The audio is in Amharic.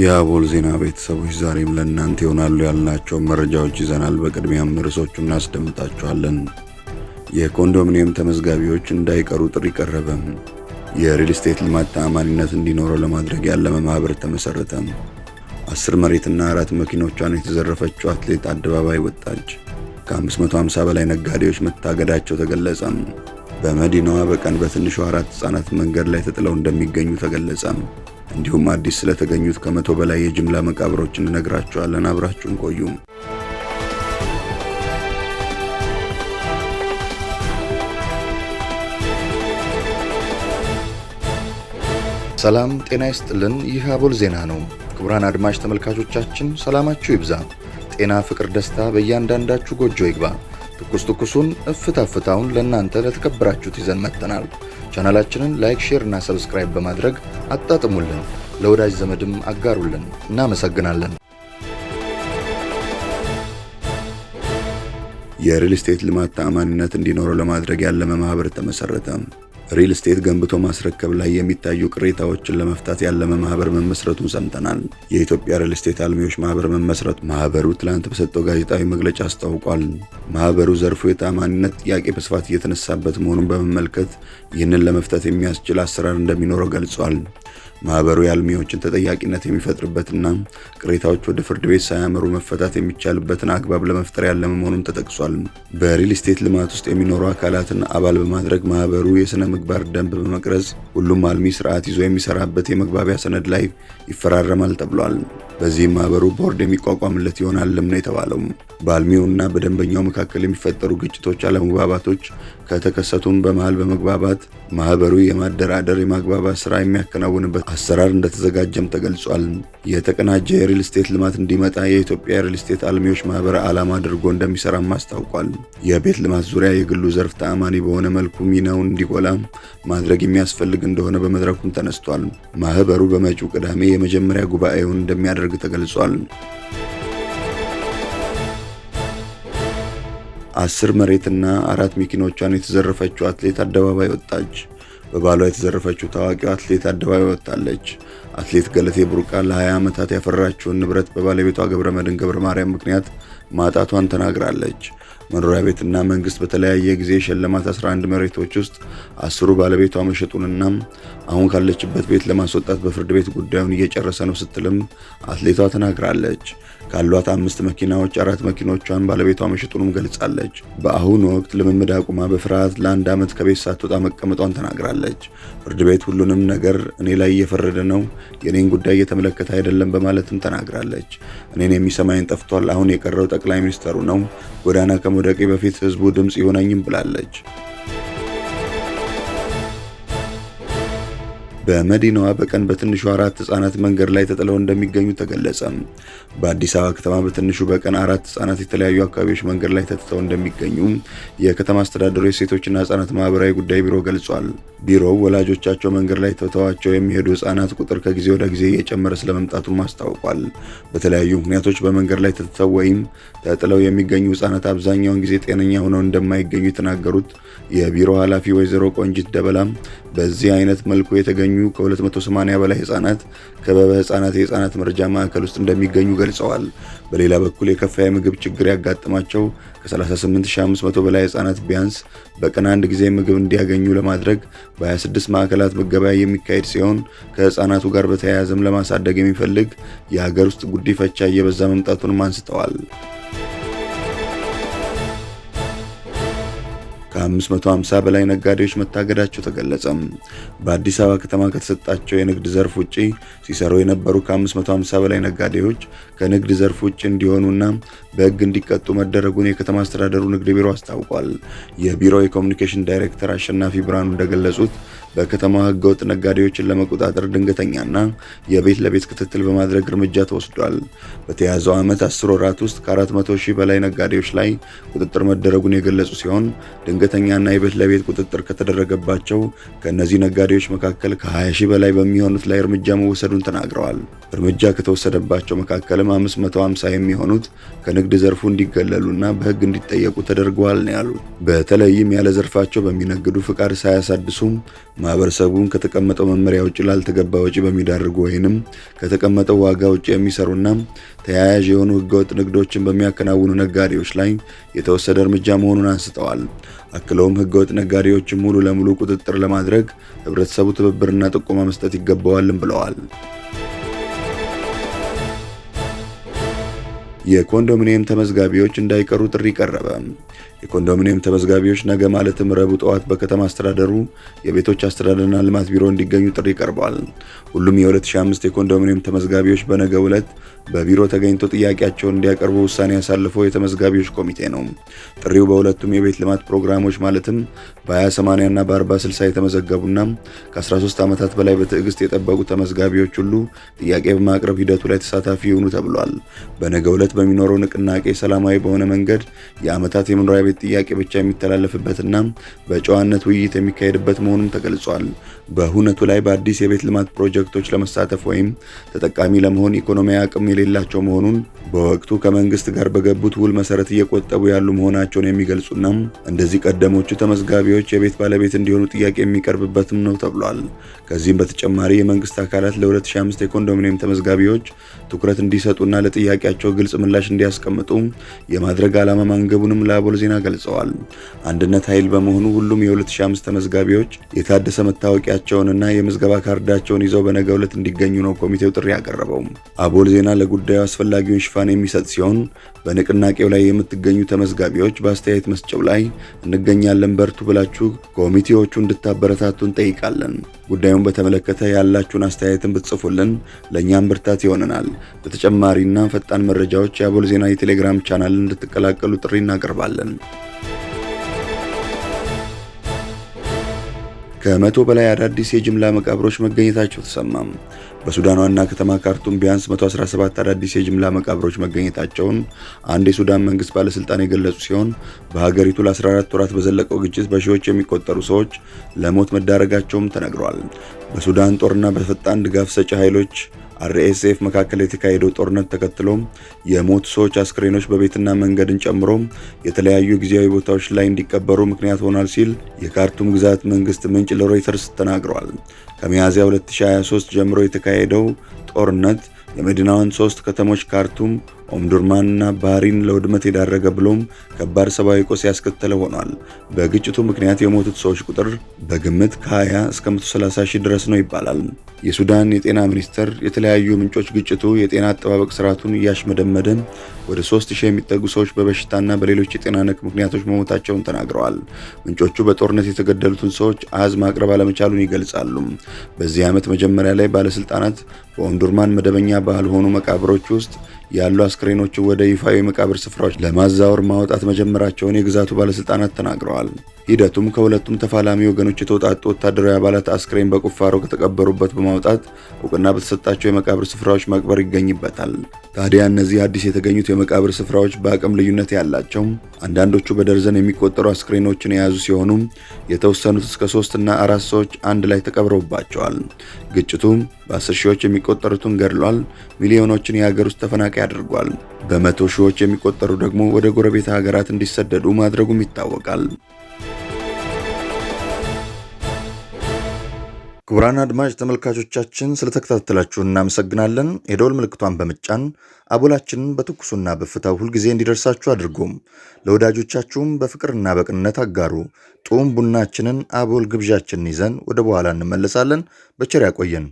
የአቦል ዜና ቤተሰቦች ዛሬም ለእናንተ ይሆናሉ ያልናቸውን መረጃዎች ይዘናል። በቅድሚያም ርዕሶቹ እናስደምጣቸዋለን። የኮንዶሚኒየም ተመዝጋቢዎች እንዳይቀሩ ጥሪ ቀረበ። የሪል ስቴት ልማት ተአማኒነት እንዲኖረው ለማድረግ ያለመ ማህበር ተመሰረተም አስር መሬትና አራት መኪኖቿን የተዘረፈችው አትሌት አደባባይ ወጣች። ከ550 በላይ ነጋዴዎች መታገዳቸው ተገለጸ። በመዲናዋ በቀን በትንሹ አራት ህፃናት መንገድ ላይ ተጥለው እንደሚገኙ ተገለጸ። እንዲሁም አዲስ ስለተገኙት ከመቶ በላይ የጅምላ መቃብሮች እንነግራችኋለን። አብራችሁን ቆዩም። ሰላም ጤና ይስጥልን። ይህ አቦል ዜና ነው። ክቡራን አድማጭ ተመልካቾቻችን ሰላማችሁ ይብዛ፣ ጤና፣ ፍቅር፣ ደስታ በእያንዳንዳችሁ ጎጆ ይግባ። ትኩስ ትኩሱን እፍታ ፍታውን ለእናንተ ለተከበራችሁት ይዘን መጥተናል። ቻናላችንን ላይክ፣ ሼር እና ሰብስክራይብ በማድረግ አጣጥሙልን፣ ለወዳጅ ዘመድም አጋሩልን። እናመሰግናለን። የሪል ስቴት ልማት ተአማኒነት እንዲኖረው ለማድረግ ያለመ ማህበር ተመሰረተ። ሪል ስቴት ገንብቶ ማስረከብ ላይ የሚታዩ ቅሬታዎችን ለመፍታት ያለመ ማህበር መመስረቱን ሰምተናል። የኢትዮጵያ ሪል ስቴት አልሚዎች ማህበር መመስረቱ ማህበሩ ትላንት በሰጠው ጋዜጣዊ መግለጫ አስታውቋል። ማህበሩ ዘርፉ የታማኒነት ጥያቄ በስፋት እየተነሳበት መሆኑን በመመልከት ይህንን ለመፍታት የሚያስችል አሰራር እንደሚኖረው ገልጿል። ማህበሩ የአልሚዎችን ተጠያቂነት የሚፈጥርበትና ቅሬታዎች ወደ ፍርድ ቤት ሳያመሩ መፈታት የሚቻልበትን አግባብ ለመፍጠር ያለመ መሆኑን ተጠቅሷል። በሪል ስቴት ልማት ውስጥ የሚኖሩ አካላትን አባል በማድረግ ማህበሩ የሥነ ምግባር ደንብ በመቅረጽ ሁሉም አልሚ ስርዓት ይዞ የሚሰራበት የመግባቢያ ሰነድ ላይ ይፈራረማል ተብሏል። በዚህም ማህበሩ ቦርድ የሚቋቋምለት ይሆናልም ነው የተባለው። በአልሚውና በደንበኛው መካከል የሚፈጠሩ ግጭቶች፣ አለመግባባቶች ከተከሰቱም በመሃል በመግባባት ማህበሩ የማደራደር የማግባባት ስራ የሚያከናውንበት አሰራር እንደተዘጋጀም ተገልጿል። የተቀናጀ የሪል ስቴት ልማት እንዲመጣ የኢትዮጵያ ሪል ስቴት አልሚዎች ማህበር ዓላማ አድርጎ እንደሚሰራም አስታውቋል። የቤት ልማት ዙሪያ የግሉ ዘርፍ ተአማኒ በሆነ መልኩ ሚናውን እንዲጎላ ማድረግ የሚያስፈልግ እንደሆነ በመድረኩም ተነስቷል። ማህበሩ በመጪው ቅዳሜ የመጀመሪያ ጉባኤውን እንደሚያደርግ ተገልጿል። አስር መሬትና አራት መኪኖቿን የተዘረፈችው አትሌት አደባባይ ወጣች። በባሏ የተዘረፈችው ታዋቂው አትሌት አደባባይ ወጣለች። አትሌት ገለቴ ቡርቃ ለ20 ዓመታት ያፈራችውን ንብረት በባለቤቷ መድን ገብረ ማርያም ምክንያት ማጣቷን ተናግራለች። መኖሪያ ቤትና መንግስት በተለያየ ጊዜ የሸለማት 11 መሬቶች ውስጥ አስሩ ባለቤቷ መሸጡንና አሁን ካለችበት ቤት ለማስወጣት በፍርድ ቤት ጉዳዩን እየጨረሰ ነው ስትልም አትሌቷ ተናግራለች። ካሏት አምስት መኪናዎች አራት መኪኖቿን ባለቤቷ መሸጡንም ገልጻለች። በአሁኑ ወቅት ልምምድ አቁማ በፍርሃት ለአንድ ዓመት ከቤት ሳትወጣ መቀመጧን ተናግራለች። ፍርድ ቤት ሁሉንም ነገር እኔ ላይ እየፈረደ ነው፣ የእኔን ጉዳይ እየተመለከተ አይደለም በማለትም ተናግራለች። እኔን የሚሰማኝ ጠፍቷል፣ አሁን የቀረው ጠቅላይ ሚኒስተሩ ነው፣ ጎዳና ከመውደቄ በፊት ህዝቡ ድምፅ ይሆነኝም ብላለች። በመዲናዋ በቀን በትንሹ አራት ህጻናት መንገድ ላይ ተጥለው እንደሚገኙ ተገለጸ። በአዲስ አበባ ከተማ በትንሹ በቀን አራት ህጻናት የተለያዩ አካባቢዎች መንገድ ላይ ተጥተው እንደሚገኙ የከተማ አስተዳደሩ የሴቶችና ህጻናት ማህበራዊ ጉዳይ ቢሮ ገልጿል። ቢሮው ወላጆቻቸው መንገድ ላይ ተተዋቸው የሚሄዱ ህጻናት ቁጥር ከጊዜ ወደ ጊዜ እየጨመረ ስለመምጣቱም አስታውቋል። በተለያዩ ምክንያቶች በመንገድ ላይ ተጥተው ወይም ተጥለው የሚገኙ ህጻናት አብዛኛውን ጊዜ ጤነኛ ሆነው እንደማይገኙ የተናገሩት የቢሮ ኃላፊ ወይዘሮ ቆንጂት ደበላም በዚህ አይነት መልኩ የተገኙ የሚገኙ ከ280 በላይ ህጻናት ከበበ ህጻናት የህጻናት መረጃ ማዕከል ውስጥ እንደሚገኙ ገልጸዋል። በሌላ በኩል የከፋ የምግብ ችግር ያጋጠማቸው ከ38500 በላይ ህጻናት ቢያንስ በቀን አንድ ጊዜ ምግብ እንዲያገኙ ለማድረግ በ26 ማዕከላት መገበያ የሚካሄድ ሲሆን ከህጻናቱ ጋር በተያያዘም ለማሳደግ የሚፈልግ የሀገር ውስጥ ጉዲፈቻ እየበዛ መምጣቱንም አንስተዋል። ከ550 በላይ ነጋዴዎች መታገዳቸው ተገለጸ። በአዲስ አበባ ከተማ ከተሰጣቸው የንግድ ዘርፍ ውጪ ሲሰሩ የነበሩ ከ550 በላይ ነጋዴዎች ከንግድ ዘርፍ ውጭ እንዲሆኑና በሕግ እንዲቀጡ መደረጉን የከተማ አስተዳደሩ ንግድ ቢሮ አስታውቋል። የቢሮው የኮሚኒኬሽን ዳይሬክተር አሸናፊ ብርሃኑ እንደገለጹት በከተማዋ ህገወጥ ነጋዴዎችን ለመቆጣጠር ድንገተኛና የቤት ለቤት ክትትል በማድረግ እርምጃ ተወስዷል። በተያዘው ዓመት አስር ወራት ውስጥ ከ400 ሺህ በላይ ነጋዴዎች ላይ ቁጥጥር መደረጉን የገለጹ ሲሆን ድንገተኛና የቤት ለቤት ቁጥጥር ከተደረገባቸው ከእነዚህ ነጋዴዎች መካከል ከ20 ሺህ በላይ በሚሆኑት ላይ እርምጃ መወሰዱን ተናግረዋል። እርምጃ ከተወሰደባቸው መካከልም 550 የሚሆኑት ከንግድ ዘርፉ እንዲገለሉና በህግ እንዲጠየቁ ተደርገዋል ነው ያሉት። በተለይም ያለ ዘርፋቸው በሚነግዱ ፍቃድ ሳያሳድሱም ማህበረሰቡን ከተቀመጠው መመሪያ ውጭ ላልተገባ ወጪ በሚዳርጉ ወይንም ከተቀመጠው ዋጋ ውጭ የሚሰሩና ተያያዥ የሆኑ ህገወጥ ንግዶችን በሚያከናውኑ ነጋዴዎች ላይ የተወሰደ እርምጃ መሆኑን አንስተዋል። አክለውም ህገወጥ ነጋዴዎችን ሙሉ ለሙሉ ቁጥጥር ለማድረግ ህብረተሰቡ ትብብርና ጥቆማ መስጠት ይገባዋልም ብለዋል። የኮንዶሚኒየም ተመዝጋቢዎች እንዳይቀሩ ጥሪ ቀረበ። የኮንዶሚኒየም ተመዝጋቢዎች ነገ ማለትም ረቡዕ ጠዋት በከተማ አስተዳደሩ የቤቶች አስተዳደርና ልማት ቢሮ እንዲገኙ ጥሪ ቀርቧል። ሁሉም የ2005 የኮንዶሚኒየም ተመዝጋቢዎች በነገ ዕለት በቢሮ ተገኝቶ ጥያቄያቸውን እንዲያቀርቡ ውሳኔ ያሳልፈው የተመዝጋቢዎች ኮሚቴ ነው። ጥሪው በሁለቱም የቤት ልማት ፕሮግራሞች ማለትም በ 2080 ና እና በ 4060 የተመዘገቡና ከ13 ዓመታት በላይ በትዕግስት የጠበቁ ተመዝጋቢዎች ሁሉ ጥያቄ በማቅረብ ሂደቱ ላይ ተሳታፊ ይሁኑ ተብሏል። በነገ ዕለት በሚኖረው ንቅናቄ ሰላማዊ በሆነ መንገድ የዓመታት የመኖሪያ የመሬት ጥያቄ ብቻ የሚተላለፍበትና በጨዋነት ውይይት የሚካሄድበት መሆኑም ተገልጿል። በሁነቱ ላይ በአዲስ የቤት ልማት ፕሮጀክቶች ለመሳተፍ ወይም ተጠቃሚ ለመሆን ኢኮኖሚያዊ አቅም የሌላቸው መሆኑን በወቅቱ ከመንግስት ጋር በገቡት ውል መሰረት እየቆጠቡ ያሉ መሆናቸውን የሚገልጹና እንደዚህ ቀደሞቹ ተመዝጋቢዎች የቤት ባለቤት እንዲሆኑ ጥያቄ የሚቀርብበትም ነው ተብሏል። ከዚህም በተጨማሪ የመንግስት አካላት ለ2005 የኮንዶሚኒየም ተመዝጋቢዎች ትኩረት እንዲሰጡና ለጥያቄያቸው ግልጽ ምላሽ እንዲያስቀምጡ የማድረግ ዓላማ ማንገቡንም ለአቦል ዜና ገልጸዋል። አንድነት ኃይል በመሆኑ ሁሉም የ2005 ተመዝጋቢዎች የታደሰ መታወቂያቸውንና የምዝገባ ካርዳቸውን ይዘው በነገ ዕለት እንዲገኙ ነው ኮሚቴው ጥሪ ያቀረበው። አቦል ዜና ለጉዳዩ አስፈላጊውን ሽፋን የሚሰጥ ሲሆን በንቅናቄው ላይ የምትገኙ ተመዝጋቢዎች በአስተያየት መስጫው ላይ እንገኛለን፣ በርቱ ብላችሁ ኮሚቴዎቹ እንድታበረታቱ እንጠይቃለን። ጉዳዩን በተመለከተ ያላችሁን አስተያየትን ብትጽፉልን ለእኛም ብርታት ይሆነናል። በተጨማሪና ፈጣን መረጃዎች የአቦል ዜና የቴሌግራም ቻናል እንድትቀላቀሉ ጥሪ እናቀርባለን። ከመቶ በላይ አዳዲስ የጅምላ መቃብሮች መገኘታቸው ተሰማም። በሱዳን ዋና ከተማ ካርቱም ቢያንስ 117 አዳዲስ የጅምላ መቃብሮች መገኘታቸውን አንድ የሱዳን መንግስት ባለስልጣን የገለጹ ሲሆን በሀገሪቱ ለ14 ወራት በዘለቀው ግጭት በሺዎች የሚቆጠሩ ሰዎች ለሞት መዳረጋቸውም ተነግሯል። በሱዳን ጦርና በፈጣን ድጋፍ ሰጪ ኃይሎች አርኤስኤፍ መካከል የተካሄደው ጦርነት ተከትሎ የሞቱ ሰዎች አስክሬኖች በቤትና መንገድን ጨምሮ የተለያዩ ጊዜያዊ ቦታዎች ላይ እንዲቀበሩ ምክንያት ሆኗል ሲል የካርቱም ግዛት መንግስት ምንጭ ለሮይተርስ ተናግሯል። ከሚያዝያ 2023 ጀምሮ የተካሄደው ጦርነት የመዲናዋን ሶስት ከተሞች ካርቱም፣ ኦምዱርማንና ባህሪን ለውድመት የዳረገ ብሎም ከባድ ሰብአዊ ቆስ ያስከተለ ሆኗል። በግጭቱ ምክንያት የሞቱት ሰዎች ቁጥር በግምት ከ20 እስከ 130 ሺህ ድረስ ነው ይባላል። የሱዳን የጤና ሚኒስቴር የተለያዩ ምንጮች ግጭቱ የጤና አጠባበቅ ስርዓቱን እያሽመደመደ ወደ 3000 የሚጠጉ ሰዎች በበሽታና በሌሎች የጤና ነክ ምክንያቶች መሞታቸውን ተናግረዋል። ምንጮቹ በጦርነት የተገደሉትን ሰዎች አሃዝ ማቅረብ አለመቻሉን ይገልጻሉ። በዚህ ዓመት መጀመሪያ ላይ ባለስልጣናት በኦምዱርማን መደበኛ ባልሆኑ መቃብሮች ውስጥ ያሉ አስክሬኖችን ወደ ይፋዊ መቃብር ስፍራዎች ለማዛወር ማውጣት መጀመራቸውን የግዛቱ ባለስልጣናት ተናግረዋል። ሂደቱም ከሁለቱም ተፋላሚ ወገኖች የተውጣጡ ወታደራዊ አባላት አስክሬን በቁፋሮ ከተቀበሩበት በማውጣት እውቅና በተሰጣቸው የመቃብር ስፍራዎች መቅበር ይገኝበታል። ታዲያ እነዚህ አዲስ የተገኙት የመቃብር ስፍራዎች በአቅም ልዩነት ያላቸው፣ አንዳንዶቹ በደርዘን የሚቆጠሩ አስክሬኖችን የያዙ ሲሆኑ የተወሰኑት እስከ ሶስት እና አራት ሰዎች አንድ ላይ ተቀብረውባቸዋል። ግጭቱ በአስር ሺዎች የሚቆጠሩትን ገድሏል፣ ሚሊዮኖችን የሀገር ውስጥ ተፈናቃይ አድርጓል። በመቶ ሺዎች የሚቆጠሩ ደግሞ ወደ ጎረቤት ሀገራት እንዲሰደዱ ማድረጉም ይታወቃል። ክቡራን አድማጭ ተመልካቾቻችን ስለተከታተላችሁ እናመሰግናለን። የደወል ምልክቷን በምጫን አቦላችንን በትኩሱና በፍታው ሁልጊዜ እንዲደርሳችሁ አድርጎም ለወዳጆቻችሁም በፍቅርና በቅንነት አጋሩ። ጡም ቡናችንን አቦል ግብዣችንን ይዘን ወደ በኋላ እንመለሳለን። በቸር ያቆየን።